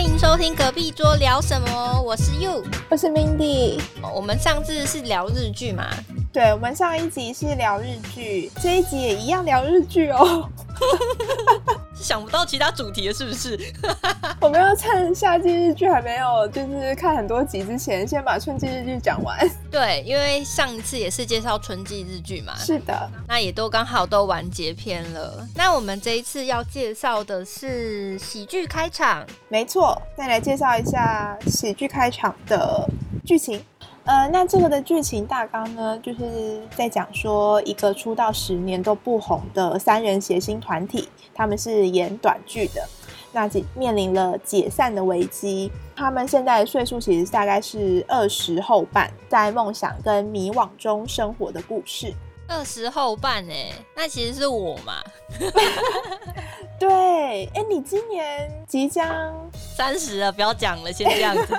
歡迎收聽隔壁桌聊什麼哦，我是 You，我是 Mindy。哦，我們上次是聊日劇嘛？對，我們上一集是聊日劇，這一集也一樣聊日劇哦。 想不到其他主題了，是不是？ 我們要趁夏季日劇，還沒有就是看很多集之前，先把春季日劇講完。對，因為上一次也是介紹春季日劇嘛。是的，那也都剛好都完結篇了。那我們這一次要介紹的是喜劇開場，沒錯。再來介紹一下喜劇開場的劇情。呃，那這個的劇情大綱呢，就是在講說一個出道十年都不紅的三人諧星團體，他們是演短劇的，那即面臨了解散的危機，他們現在的歲數其實大概是二十後半，在夢想跟迷惘中生活的故事。二十後半誒、欸，那其實是我嘛？ 對，哎、欸，你今年即將三十了，不要講了，先這樣子。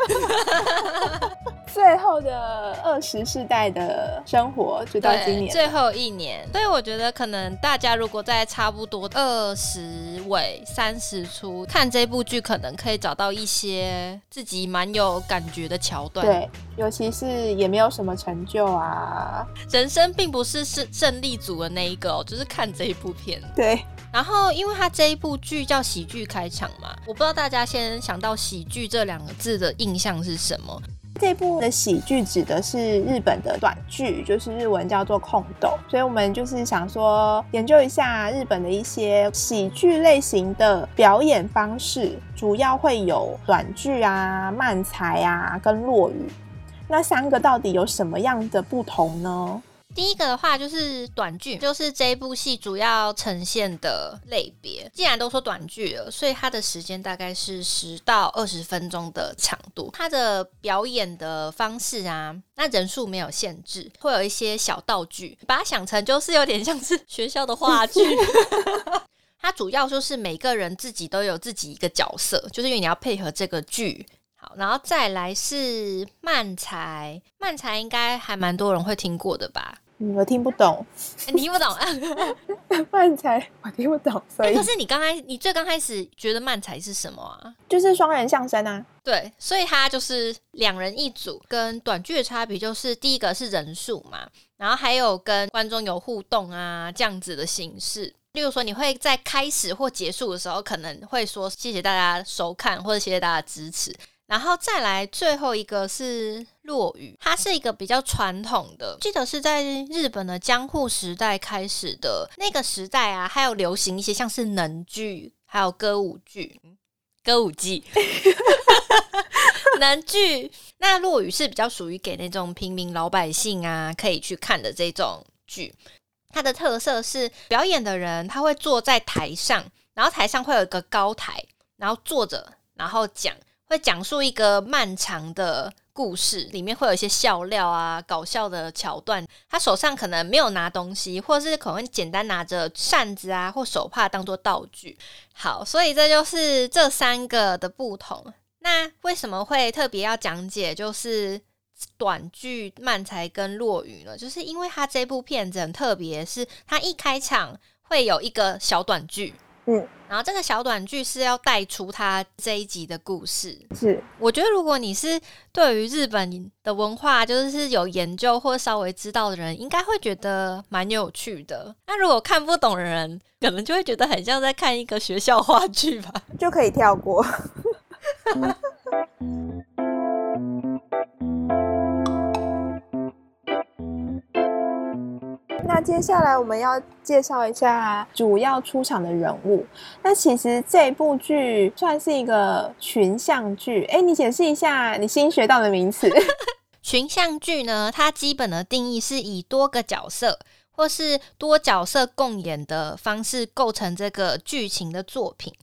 最後的二十世代的生活就到今年最後一年，所以我覺得可能大家如果在差不多二十尾、三十初看這部劇，可能可以找到一些自己蠻有感覺的橋段。對，尤其是也沒有什麼成就啊，人生並不是是勝利組的那一個喔，就是看這一部片。對，然後因為他這一部劇叫喜劇開場嘛，我不知道大家先想到喜劇這兩個字的印象是什麼。這部的喜劇指的是日本的短劇，就是日文叫做空斗，所以我們就是想說研究一下日本的一些喜劇類型的表演方式，主要會有短劇啊、漫才啊跟落語，那三個到底有什麼樣的不同呢？第一個的話就是短劇，就是這一部戲主要呈現的類別。既然都說短劇了，所以它的時間大概是十到二十分鐘的長度。它的表演的方式啊，那人數沒有限制，會有一些小道具。把它想成就是有點像是學校的話劇。 它主要就是每個人自己都有自己一個角色，就是因為你要配合這個劇。好，然後再來是漫才，漫才應該還蠻多人會聽過的吧。你，我聽不懂， 欸、你聽不懂啊？ 漫才，我聽不懂。所以、欸、可是你剛開，你最剛開始覺得漫才是什麼啊？就是雙人相聲啊。對，所以它就是兩人一組，跟短劇的差別就是第一個是人數嘛，然後還有跟觀眾有互動啊這樣子的形式。例如說，你會在開始或結束的時候可能會說謝謝大家收看或者謝謝大家的支持。然後再來，最後一個是落語，它是一個比較傳統的，記得是在日本的江戶時代開始的。那個時代啊，還有流行一些像是能劇，還有歌舞劇、歌舞伎、 能劇。那落語是比較屬於給那種平民老百姓啊可以去看的這種劇。它的特色是表演的人他會坐在台上，然後台上會有一個高台，然後坐着，然後講。會講述一個漫長的故事，裡面會有一些笑料啊、搞笑的橋段。他手上可能沒有拿東西，或是可能簡單拿着扇子啊或手帕當做道具。好，所以這就是這三個的不同。那為什麼會特別要講解就是短劇、漫才跟落語呢？就是因為他這部片子很特別，是他一開場會有一個小短劇。嗯，然後這個小短劇是要帶出他這一集的故事。是，我覺得如果你是對於日本的文化就是有研究或稍微知道的人，應該會覺得蠻有趣的。那如果看不懂的人，可能就會覺得很像在看一個學校話劇吧，就可以跳過。 那接下來我們要介紹一下主要出場的人物。那其實這部劇算是一個群像劇。哎、欸，你解釋一下你新學到的名詞？ 群像劇呢？它基本的定義是以多個角色或是多角色共演的方式構成這個劇情的作品。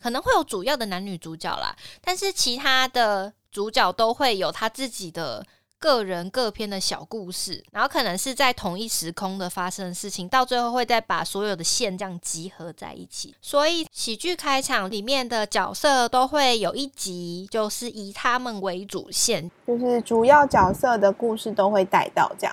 可能會有主要的男女主角啦，但是其他的主角都會有他自己的。個人各篇的小故事，然後可能是在同一時空的發生的事情，到最後會再把所有的線這樣集合在一起。所以喜劇開場裡面的角色都會有一集，就是以他們為主線，就是主要角色的故事都會帶到這樣。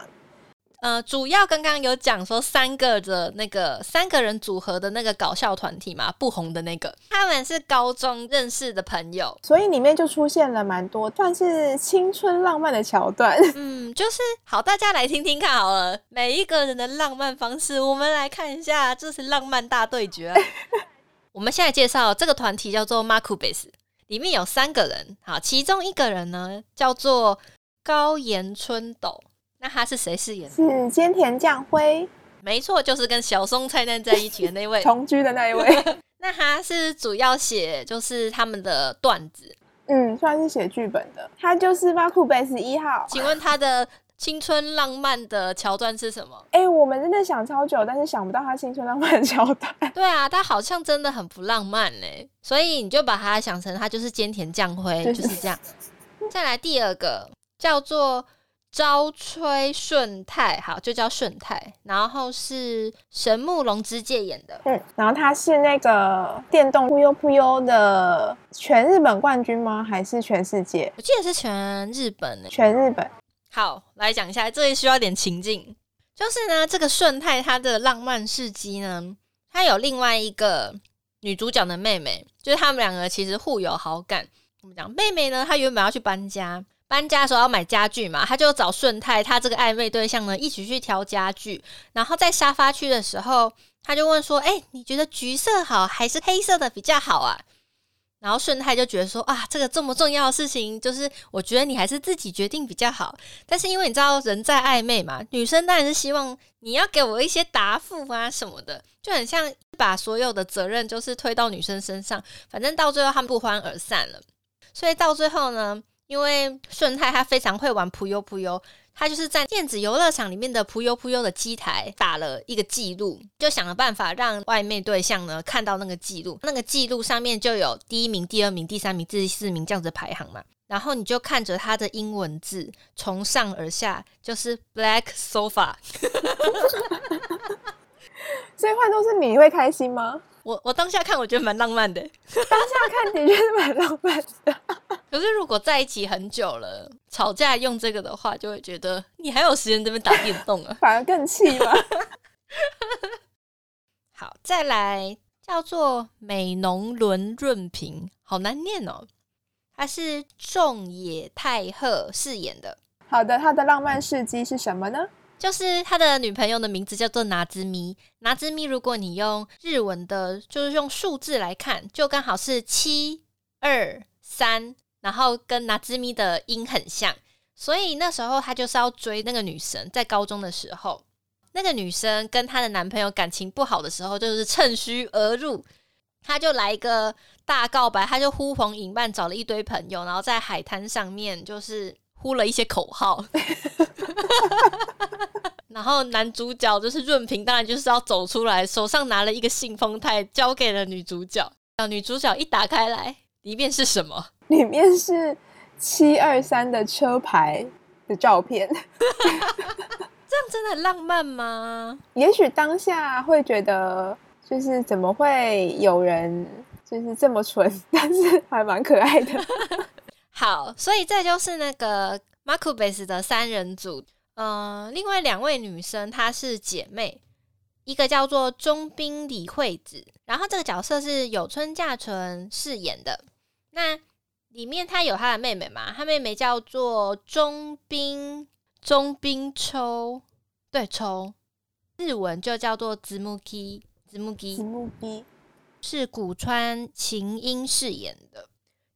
呃、嗯，主要剛剛有講說三個的那個三個人組合的那個搞笑團體嘛，不紅的那個，他們是高中認識的朋友，所以裡面就出現了蠻多算是青春浪漫的橋段。嗯，就是好，大家來聽聽看好了，每一個人的浪漫方式，我們來看一下，這是浪漫大對決。 我們現在介紹這個團體叫做 Macbeth，裡面有三個人，好，其中一個人呢叫做高岩春斗。那他是誰飾演的？是菅田將暉，沒錯，就是跟小松菜奈在一起的那一位，同 居的那一位。 那他是主要寫，就是他們的段子，嗯，算是寫劇本的。他就是巴庫貝十一號。請問他的青春浪漫的橋段是什麼？哎、欸，我們真的想超久，但是想不到他青春浪漫的橋段。 對啊，他好像真的很不浪漫嘞，所以你就把他想成他就是菅田將暉，就是這樣。 再來第二個叫做。朝吹瞬太，好，就叫瞬太。然後是神木隆之介演的，嗯，然後他是那個電動噗悠噗悠的全日本冠軍嗎？還是全世界？我記得是全日本耶，全日本。好，來講一下，這裡需要一點情境，就是呢，這個瞬太他的浪漫事蹟呢，他有另外一個女主角的妹妹，就是他們兩個其實互有好感。我們講？妹妹呢，她原本要去搬家。搬家的時候要買家具嘛，他就找瞬太，他這個曖昧對象呢一起去挑家具。然後在沙發區的時候，他就問說：“誒，你覺得橘色好還是黑色的比較好啊？”然後瞬太就覺得說：“啊，這個這麼重要的事情，就是我覺得你還是自己決定比較好。”但是因為你知道人在曖昧嘛，女生當然是希望你要給我一些答覆啊什麼的，就很像把所有的責任就是推到女生身上。反正到最後他們不歡而散了，所以到最後呢，因為順泰他非常會玩撲悠撲悠，他就是在電子遊樂場裡面的撲悠撲悠的機台打了一個記錄，就想了辦法讓外面對象呢看到那個記錄，那個記錄上面就有第一名、第二名、第三名、第四名這樣子排行嘛，然後你就看着他的英文字從上而下就是 Black Sofa， 所以換作是你會開心嗎？我我當下看，我覺得蠻浪漫的， 當下看的確是蠻浪漫的。可是如果在一起很久了，吵架用這個的話，就會覺得你還有時間在這邊打電動啊， 反而更氣了。 好，再來叫做美濃輪潤平，好難念哦。他是仲野太賀飾演的。好的，他的浪漫事蹟是什麼呢？就是他的女朋友的名字叫做拿茲咪，拿茲咪。如果你用日文的，就是用數字來看，就剛好是七二三，然後跟拿茲咪的音很像，所以那時候他就是要追那個女神。在高中的時候，那個女生跟她的男朋友感情不好的時候，就是趁虛而入，他就來一個大告白，他就呼朋引伴找了一堆朋友，然後在海灘上面就是。呼了一些口號 然後男主角就是潤平，當然就是要走出來，手上拿了一個信封袋，交給了女主角。然後女主角一打開來，裡面是什麼？裡面是七二三的車牌的照片 。這樣真的很浪漫嗎？ 也許當下會覺得，就是怎麼會有人就是這麼蠢，但是還蠻可愛的。 好，所以這就是那個馬克貝斯的三人組。嗯、呃，另外兩位女生她是姐妹，一個叫做中濱李惠子，然後這個角色是有村架純飾演的。那裡面她有她的妹妹嘛？她妹妹叫做中濱中濱抽，對抽，日文就叫做子木基子木基子木基，是古川琴音飾演的。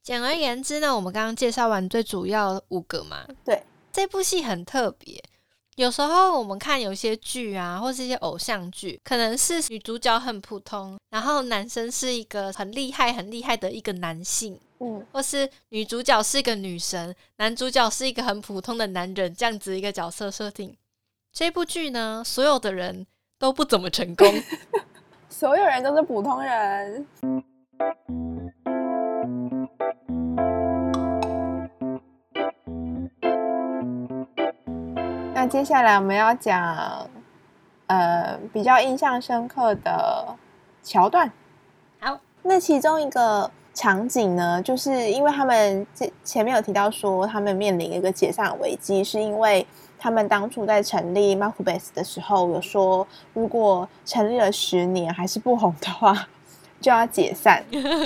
簡而言之呢，我們剛剛介紹完最主要的五個嘛。對，這部戲很特別。有時候我們看有些劇啊，或是一些偶像劇，可能是女主角很普通，然後男生是一個很厲害、很厲害的一個男性，嗯，或是女主角是一個女神，男主角是一個很普通的男人，這樣子一個角色設定。這部劇呢，所有的人都不怎麼成功， 所有人都是普通人。接下來我們要講，呃，比較印象深刻的橋段。好，那其中一個場景呢，就是因為他們前前面有提到說，他們面臨一個解散危機，是因為他們當初在成立 Macbeth 的時候有說，如果成立了十年還是不紅的話，就要解散。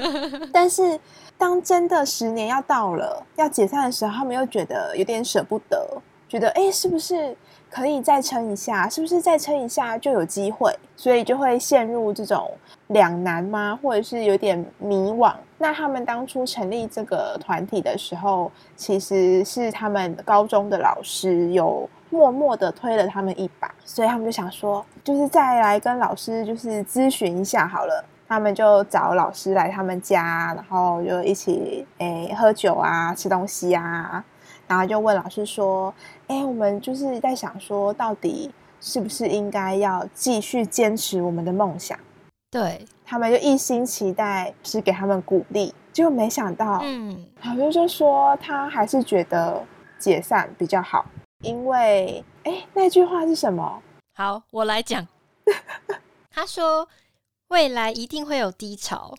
但是當真的十年要到了，要解散的時候，他們又覺得有點捨不得。覺得誒、欸、是不是可以再撐一下？是不是再撐一下就有機會？所以就會陷入這種兩難嗎？或者是有點迷惘。那他們當初成立這個團體的時候，其實是他們高中的老師有默默的推了他們一把，所以他們就想說，就是再來跟老師就是諮詢一下好了。他們就找老師來他們家，然後就一起誒、欸、喝酒啊，吃東西啊。然後就問老師說：“哎、欸，我們就是在想說，到底是不是應該要繼續堅持我們的夢想？”對，他們就一心期待是給他們鼓勵，結果沒想到，嗯，老師就說他還是覺得解散比較好，因為哎、欸，那句話是什麼？好，我來講。 他說：“未來一定會有低潮。”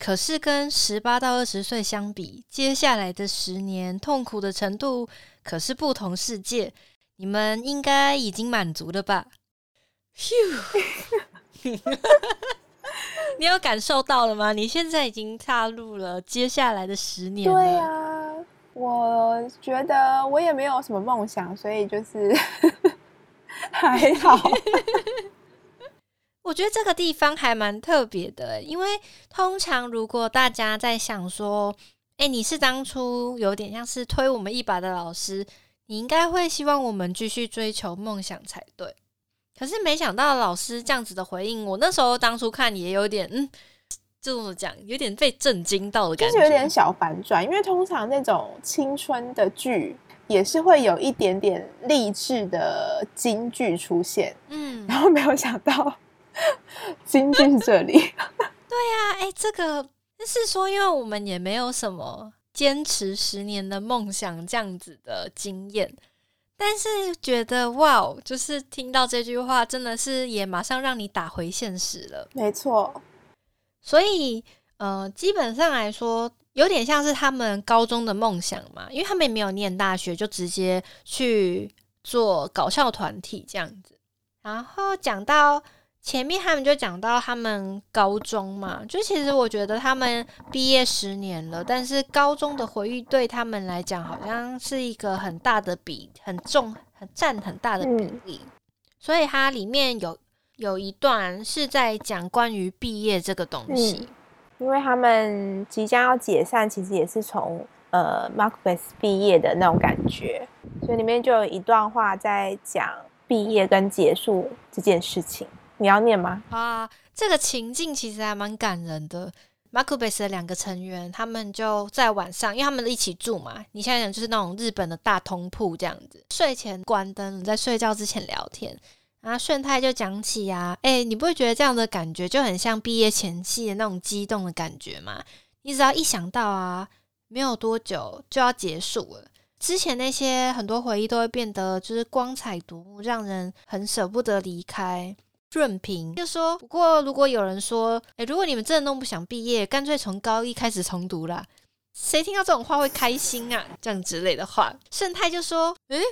可是跟十八到二十歲相比，接下來的十年痛苦的程度可是不同世界。你們應該已經滿足了吧？ 你有感受到了嗎？你現在已經踏入了接下來的十年了。對啊，我覺得我也沒有什麼夢想，所以就是 還好。 我覺得這個地方還蠻特別的，因為通常如果大家在想說，哎、欸，你是當初有點像是推我們一把的老師，你應該會希望我們繼續追求夢想才對。可是沒想到老師這樣子的回應，我那時候當初看也有點，嗯，這麼講有點被震驚到的感覺，就是、有點小反轉。因為通常那種青春的劇也是會有一點點勵志的金句出現，嗯，然後沒有想到。經 劇天這裡 對、啊，對呀，哎，這個就是說，因為我們也沒有什麼堅持十年的夢想這樣子的經驗，但是覺得哇，就是聽到這句話，真的是也馬上讓你打回現實了，沒錯。所以呃，基本上來說，有點像是他們高中的夢想嘛，因為他們也沒有念大學，就直接去做搞笑團體這樣子。然後講到。前面他們就講到他們高中嘛，就其實我覺得他們畢業十年了，但是高中的回憶對他們來講好像是一個很大的比很重、很占很大的比例、嗯，所以它裡面有有一段是在講關於畢業這個東西，嗯、因為他們即將要解散，其實也是從呃 Macbeth 畢業的那種感覺，所以裡面就有一段話在講畢業跟結束這件事情。你要念嗎？啊，這個情境其實還蠻感人的。m a 貝斯 b s 的兩個成員，他們就在晚上，因為他們一起住嘛。你現在講就是那種日本的大通鋪這樣子，睡前關燈，在睡覺之前聊天。然後順泰就講起啊，哎、欸，你不會覺得這樣的感覺就很像畢業前夕的那種激動的感覺嗎？你只要一想到啊，沒有多久就要結束了，之前那些很多回憶都會變得就是光彩奪目，讓人很舍不得離開。潤平就說：“不過，如果有人說、欸，如果你們真的都不想畢業，乾脆從高一開始重讀啦。」誰聽到這種話會開心啊？這樣之類的話，順泰就說：誒、欸，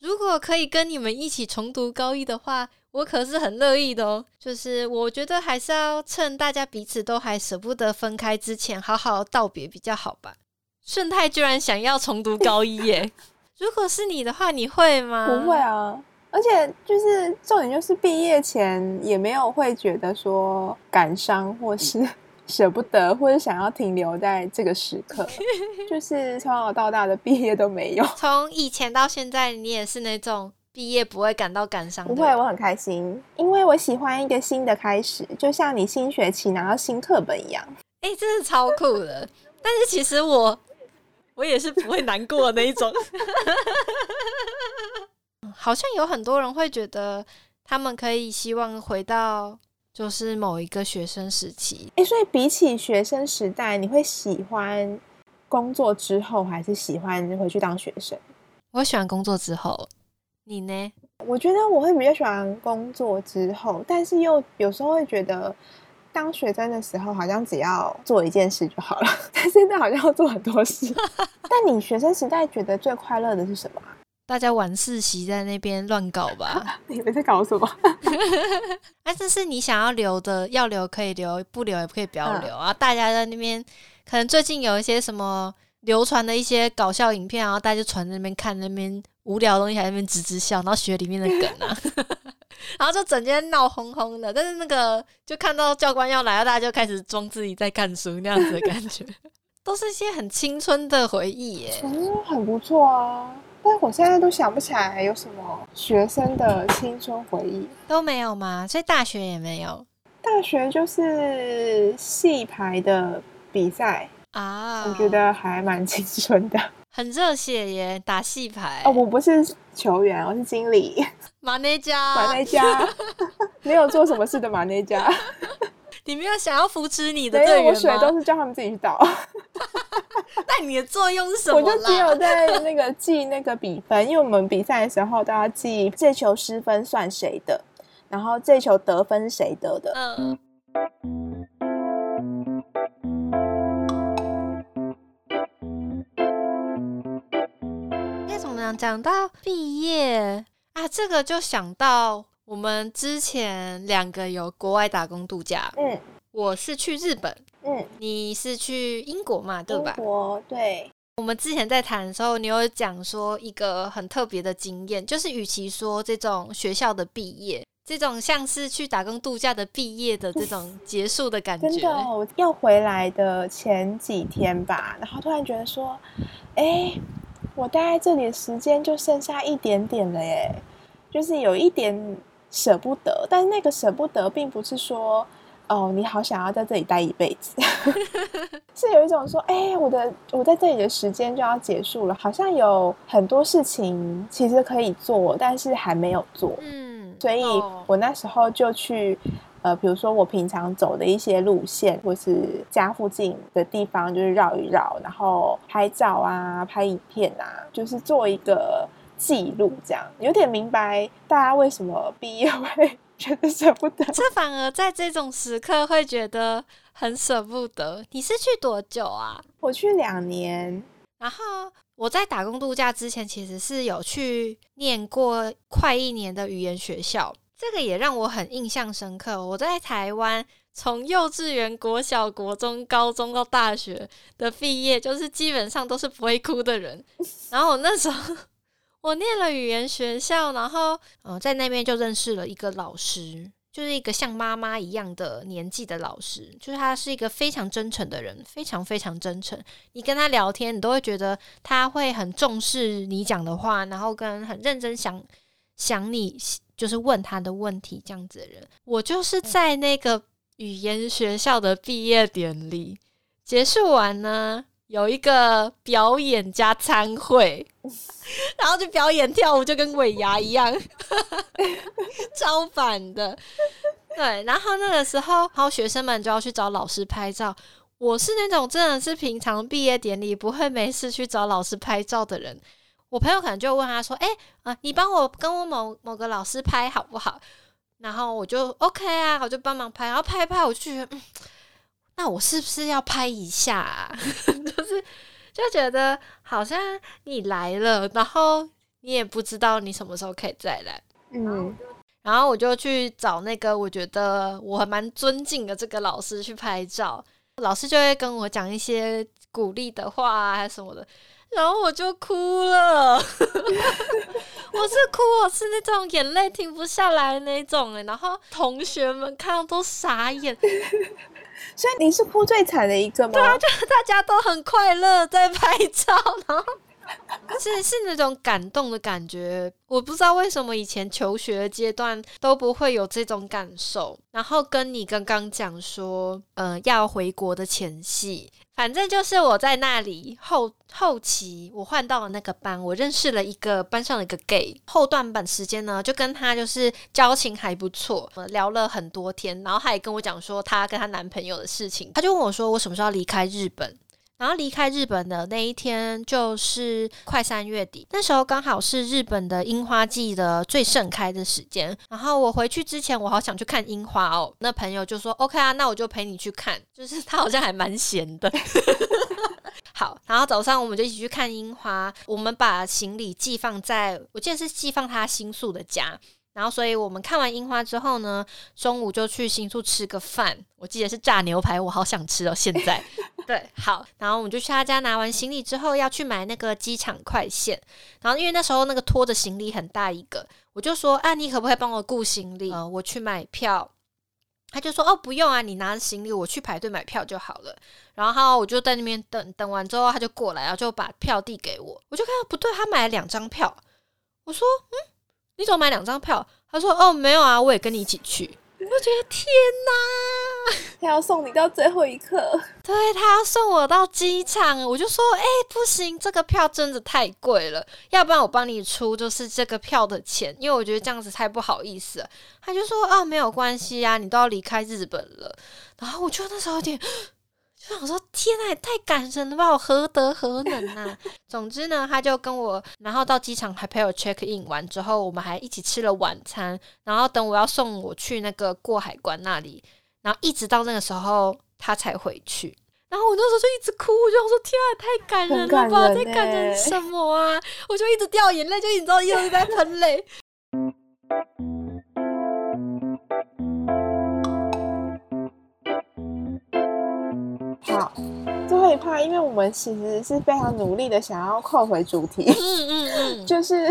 如果可以跟你們一起重讀高一的話，我可是很樂意的哦。就是我覺得還是要趁大家彼此都還捨不得分開之前，好好道別比較好吧。順泰居然想要重讀高一耶！ 如果是你的話，你會嗎？不會啊。”而且就是重點，就是畢業前也沒有會覺得說感傷，或是捨不得，或是想要停留在這個時刻。就是從小到大的畢業都沒有。 從以前到現在，你也是那種畢業不會感到感傷？不會，我很開心，因為我喜歡一個新的開始，就像你新學期拿到新課本一樣。哎、欸，這是超酷的。 但是其實我，我也是不會難過的那一種。 好像有很多人會覺得，他們可以希望回到就是某一個學生時期。哎、欸，所以比起學生時代，你會喜歡工作之後，還是喜歡回去當學生？我喜歡工作之後，你呢？我覺得我會比較喜歡工作之後，但是又有時候會覺得，當學生的時候好像只要做一件事就好了，但現在好像要做很多事。 但你學生時代覺得最快樂的是什麼？大家晚自習在那邊亂搞吧？你們在搞什麼？哎、 啊，這是你想要留的，要留可以留，不留也不可以不要留啊！然後大家在那邊，可能最近有一些什麼流傳的一些搞笑影片啊，然後大家就傳在那邊看，那邊無聊的東西還在那邊吱吱笑，然後學裡面的梗啊， 然後就整天鬧哄哄的。但是那個就看到教官要來了，大家就開始裝自己在看書那樣子的感覺， 都是一些很青春的回憶耶、欸哦，很不錯啊。但我現在都想不起來。還有什麼學生的青春回憶都沒有嗎？所以大學也沒有。大學就是系排的比賽啊，我覺得還蠻青春的，很熱血耶！打系排哦，我不是球員，我是經理馬內加，馬內加 沒有做什麼事的馬內加， 你沒有想要扶持你的隊員嗎？我水都是叫他們自己去倒。你的作用是什麼？我就只有在那個記那個比分， 因為我們比賽的時候都要記這球失分算誰的，然後這球得分誰得的。嗯。應該怎麼樣講到畢業？啊，這個就想到我們之前兩個有國外打工度假。嗯，我是去日本。嗯，你是去英國嘛？國，對吧？英國，對。我們之前在談的時候，你有講說一個很特別的經驗，就是與其說這種學校的畢業，這種像是去打工度假的畢業的這種結束的感覺。 真的，我要回來的前幾天吧，然後突然覺得說，哎、欸，我待在這裡的時間就剩下一點點了，耶，就是有一點捨不得。但是那個捨不得，並不是說。哦、oh，你好，想要在這裡待一輩子， 是有一種說，哎、欸，我的我在這裡的時間就要結束了，好像有很多事情其實可以做，但是還沒有做，嗯，所以我那時候就去，呃，比如說我平常走的一些路線，或是家附近的地方，就是繞一繞，然後拍照啊，拍影片啊，就是做一個記錄，這樣有點明白大家為什麼畢業會覺得捨不得，這反而在這種時刻會覺得很捨不得。你是去多久啊？我去兩年。然後我在打工度假之前，其實是有去念過快一年的語言學校，這個也讓我很印象深刻。我在台灣從幼稚園、國小、國中、高中到大學的畢業，就是基本上都是不會哭的人。然後我那時候。我念了語言學校，然後呃，在那邊就認識了一個老師，就是一個像媽媽一樣的年紀的老師，就是他是一個非常真誠的人，非常非常真誠。你跟他聊天，你都會覺得他會很重視你講的話，然後跟很認真想想你就是問他的問題這樣子的人。我就是在那個語言學校的畢業典禮結束完呢，有一個表演加餐會，然後就表演跳舞，就跟尾牙一樣，超反的。對，然後那個時候，然後學生們就要去找老師拍照。我是那種真的是平常畢業典禮不會沒事去找老師拍照的人。我朋友可能就問他說：“哎，啊、呃，你幫我跟我某某個老師拍好不好？”然後我就 OK 啊，我就幫忙拍，然後拍拍我就覺得，我、嗯、去。那我是不是要拍一下啊？ 就是就覺得好像你來了，然後你也不知道你什麼時候可以再來。嗯，嗯，然後我就去找那個我覺得我還蠻尊敬的這個老師去拍照，老師就會跟我講一些鼓勵的話啊還什麼的，然後我就哭了。 我是哭，我是那種眼淚停不下來那種哎，然後同學們看到都傻眼。所以你是哭最慘的一個嗎？對啊，就大家都很快樂在拍照，然後。 是是那種感動的感覺，我不知道為什麼以前求學的階段都不會有這種感受。然後跟你剛剛講說，呃，要回國的前夕，反正就是我在那裡後後期，我換到了那個班，我認識了一個班上的一個 gay。後段班時間呢，就跟他就是交情還不錯，呃，聊了很多天，然後他也跟我講說他跟他男朋友的事情，他就問我說我什麼時候要離開日本。然後離開日本的那一天就是快三月底，那時候剛好是日本的櫻花季的最盛開的時間。然後我回去之前，我好想去看櫻花哦。那朋友就說：“OK 啊，那我就陪你去看。”就是他好像還蠻閒的。 好，然後早上我們就一起去看櫻花。我們把行李寄放在，我記得是寄放他新宿的家。然後，所以我們看完櫻花之後呢，中午就去新宿吃個飯。我記得是炸牛排，我好想吃哦。現在。 對，好，然後我們就去他家拿完行李之後，要去買那個機場快線。然後因為那時候那個拖着行李很大一個，我就說啊，你可不可以幫我顧行李、呃、我去買票。他就說哦，不用啊，你拿着行李，我去排隊買票就好了。然後我就在那邊等，等完之後，他就過來然後就把票遞給我。我就看到不對，他買了兩張票。我說嗯，你怎麼買兩張票？他說哦，沒有啊，我也跟你一起去。我覺得天哪、啊！他要送你到最後一刻， 對，他要送我到機場，我就說哎、欸、不行，這個票真的太貴了，要不然我幫你出就是這個票的錢，因為我覺得這樣子太不好意思了。他就說哦、啊，沒有關係啊，你都要離開日本了。然後我就那時候有點就想說天哪，太感人了吧，我何德何能啊？ 總之呢，他就跟我，然後到機場還陪我 check in 完之後，我們還一起吃了晚餐，然後等我要送我去那個過海關那裡。然後一直到那個時候，他才回去。然後我那時候就一直哭，我就說：“天啊，太感人了吧！在感人，感人什麼啊？”我就一直掉眼淚，就你知道，一直在噴淚。 好，最後一趴，因為我們其實是非常努力的，想要扣回主題。 嗯嗯嗯，就是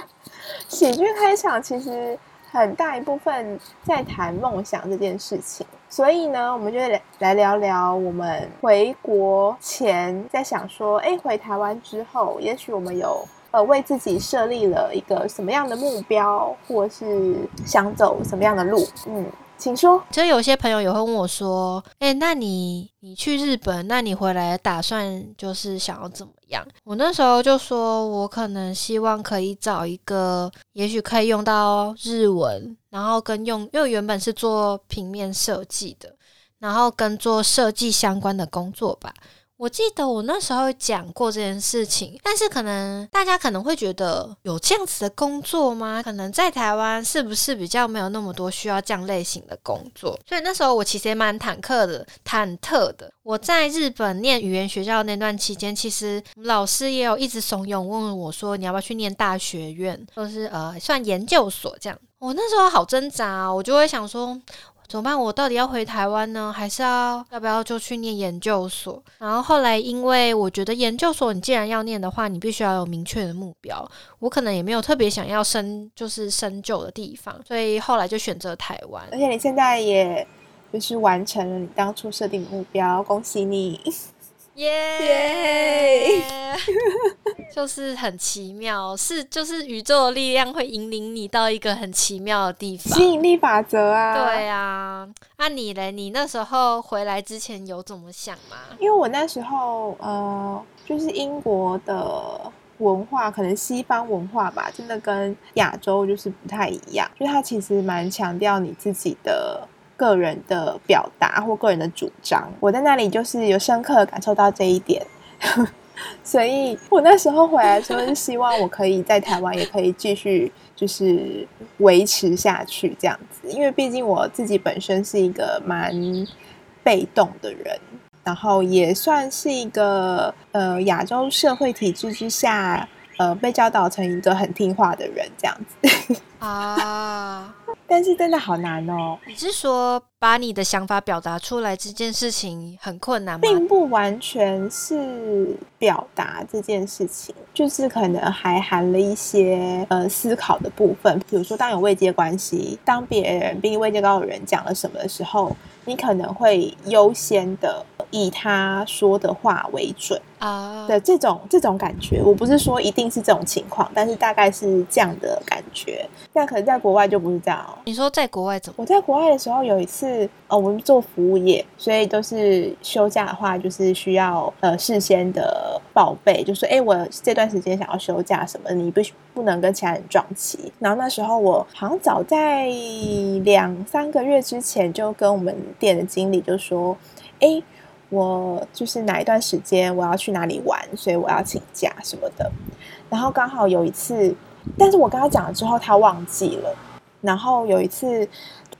喜劇開場，其實。很大一部分在談夢想這件事情，所以呢，我們就來聊聊我們回國前在想說，誒，回台灣之後，也許我們有呃為自己設立了一個什麼樣的目標，或是想走什麼樣的路，嗯。請說，其實有些朋友也會問我說：“誒、欸，那你你去日本，那你回來打算就是想要怎麼樣？”我那時候就說，我可能希望可以找一個，也許可以用到日文，然後跟用，因為原本是做平面設計的，然後跟做設計相關的工作吧。我記得我那時候有講過這件事情，但是可能大家可能會覺得有這樣子的工作嗎？可能在台灣是不是比較沒有那麼多需要這樣類型的工作？所以那時候我其實也蠻忐忑的，忐忑的。我在日本念語言學校那段期間，其實老師也有一直慫恿問我說，說你要不要去念大學院，或、就是呃算研究所這樣。我那時候好掙扎，我就會想說。怎麼辦？我到底要回台灣呢，還是要要不要就去念研究所？然後後來，因為我覺得研究所，你既然要念的話，你必須要有明確的目標。我可能也沒有特別想要深，就是深究的地方，所以後來就選擇台灣。而且你現在也就是完成了你當初設定的目標，恭喜你！耶、yeah! yeah!， 就是很奇妙，是就是宇宙的力量會引領你到一個很奇妙的地方，吸引力法則啊，對啊。那、啊、你呢？你那時候回來之前有怎麼想嗎？因為我那時候呃，就是英國的文化，可能西方文化吧，真的跟亞洲就是不太一樣，就是它其實蠻強調你自己的。個人的表達或個人的主張，我在那裡就是有深刻感受到這一點， 所以我那時候回來的時候，是希望我可以在台灣也可以繼續就是維持下去這樣子，因為畢竟我自己本身是一個蠻被動的人，然後也算是一個呃亞洲社會體制之下。呃，被教導成一個很聽話的人這樣子 啊，但是真的好難哦。你是說把你的想法表達出來這件事情很困難嗎？並不完全是表達這件事情，就是可能還含了一些呃思考的部分。比如說當，當有位階關係，當別人比你位階高的人講了什麼的時候，你可能會優先的以他說的話為準。啊，對這種這種感覺，我不是說一定是這種情況，但是大概是這樣的感覺。那可能在國外就不是這樣。你說在國外怎麼？我在國外的時候有一次，呃、哦，我們做服務業，所以都是休假的話，就是需要呃事先的報備，就說哎，我這段時間想要休假什麼，你不不能跟其他人撞期。然後那時候我好像早在兩三個月之前就跟我們店的經理就說，哎。我就是哪一段時間我要去哪裡玩，所以我要請假什麼的。然後剛好有一次，但是我跟他講了之後，他忘記了。然後有一次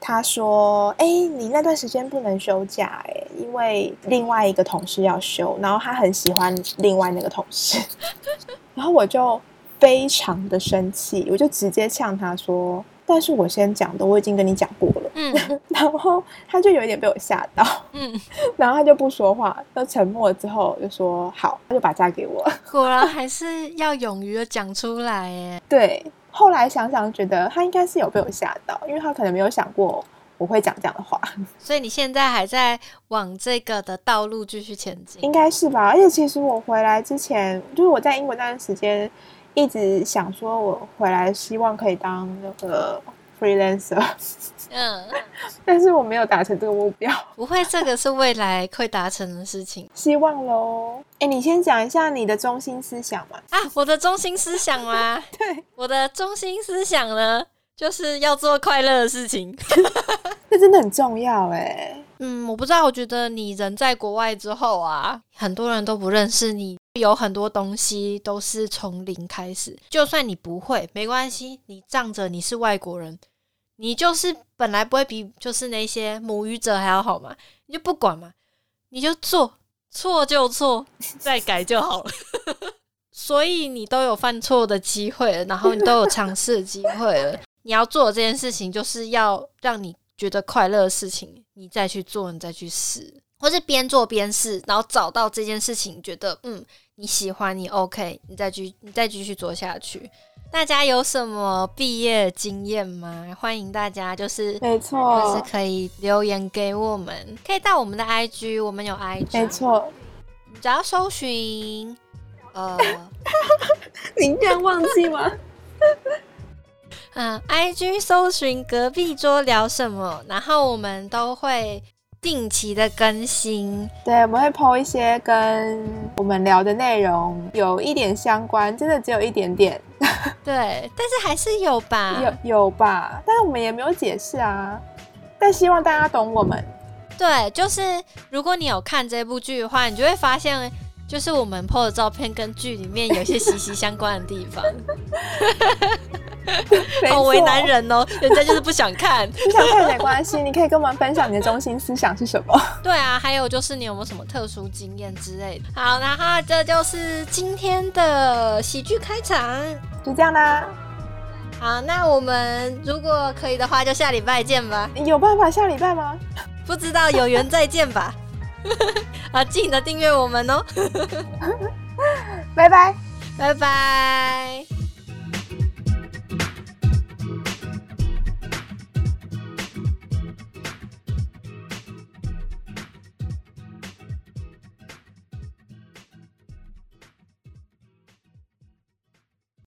他說：“哎、欸，你那段時間不能休假、欸，哎，因為另外一個同事要休。”然後他很喜歡另外那個同事， 然後我就非常的生氣，我就直接嗆他說。但是我先講的，我已經跟你講過了。嗯，然後他就有一點被我嚇到，嗯，然後他就不說話，就沉默了之後就說好，他就把假給我。果然還是要勇於的講出來哎 對，後來想想覺得他應該是有被我嚇到，因為他可能沒有想過我會講這樣的話。所以你現在還在往這個的道路繼續前進，應該是吧？而且其實我回來之前，就是我在英國那段時間。一直想說，我回來希望可以當那個 freelancer，嗯、yeah. 但是我沒有達成這個目標。不會，這個是未來會達成的事情， 希望嘍。哎、欸，你先講一下你的中心思想嘛。啊，我的中心思想啊， 對，我的中心思想呢，就是要做快樂的事情。那 真的很重要哎、欸。嗯，我不知道，我覺得你人在國外之後啊，很多人都不認識你。有很多東西都是從零開始，就算你不會，沒關係，你仗着你是外國人，你就是本來不會比就是那些母語者還要好嘛，你就不管嘛，你就做錯就錯，再改就好了。 所以你都有犯錯的機會，然後你都有嘗試的機會了。 你要做的這件事情，就是要讓你覺得快樂的事情，你再去做，你再去試，或是邊做邊試，然後找到這件事情，覺得嗯。你喜歡你 OK，你再繼你再繼續做下去。大家有什麼畢業經驗嗎？歡迎大家就是沒錯，就是可以留言給我們，可以到我們的 IG，我們有 IG 沒錯，你只要搜尋呃， 你這樣忘記嗎？ 嗯，IG 搜尋隔壁桌聊什麼，然後我們都會。定期的更新，對，我們會 PO 一些跟我們聊的內容有一點相關，真的只有一點點， 對，但是還是有吧，有有吧，但是我們也沒有解釋啊，但希望大家懂我們。對，就是如果你有看這部劇的話，你就會發現，就是我們 PO 的照片跟劇裡面有些息息相關的地方。 好為難人哦，人 家就是不想看，不想看沒關係， 你可以跟我們分享你的中心思想是什麼？對啊，還有就是你有沒有什麼特殊經驗之類的？好，然後這就是今天的喜劇開場，就這樣啦。好，那我們如果可以的話，就下禮拜見吧。有辦法下禮拜嗎？不知道，有緣再見吧。 啊，記得訂閱我們哦。 拜拜，拜拜。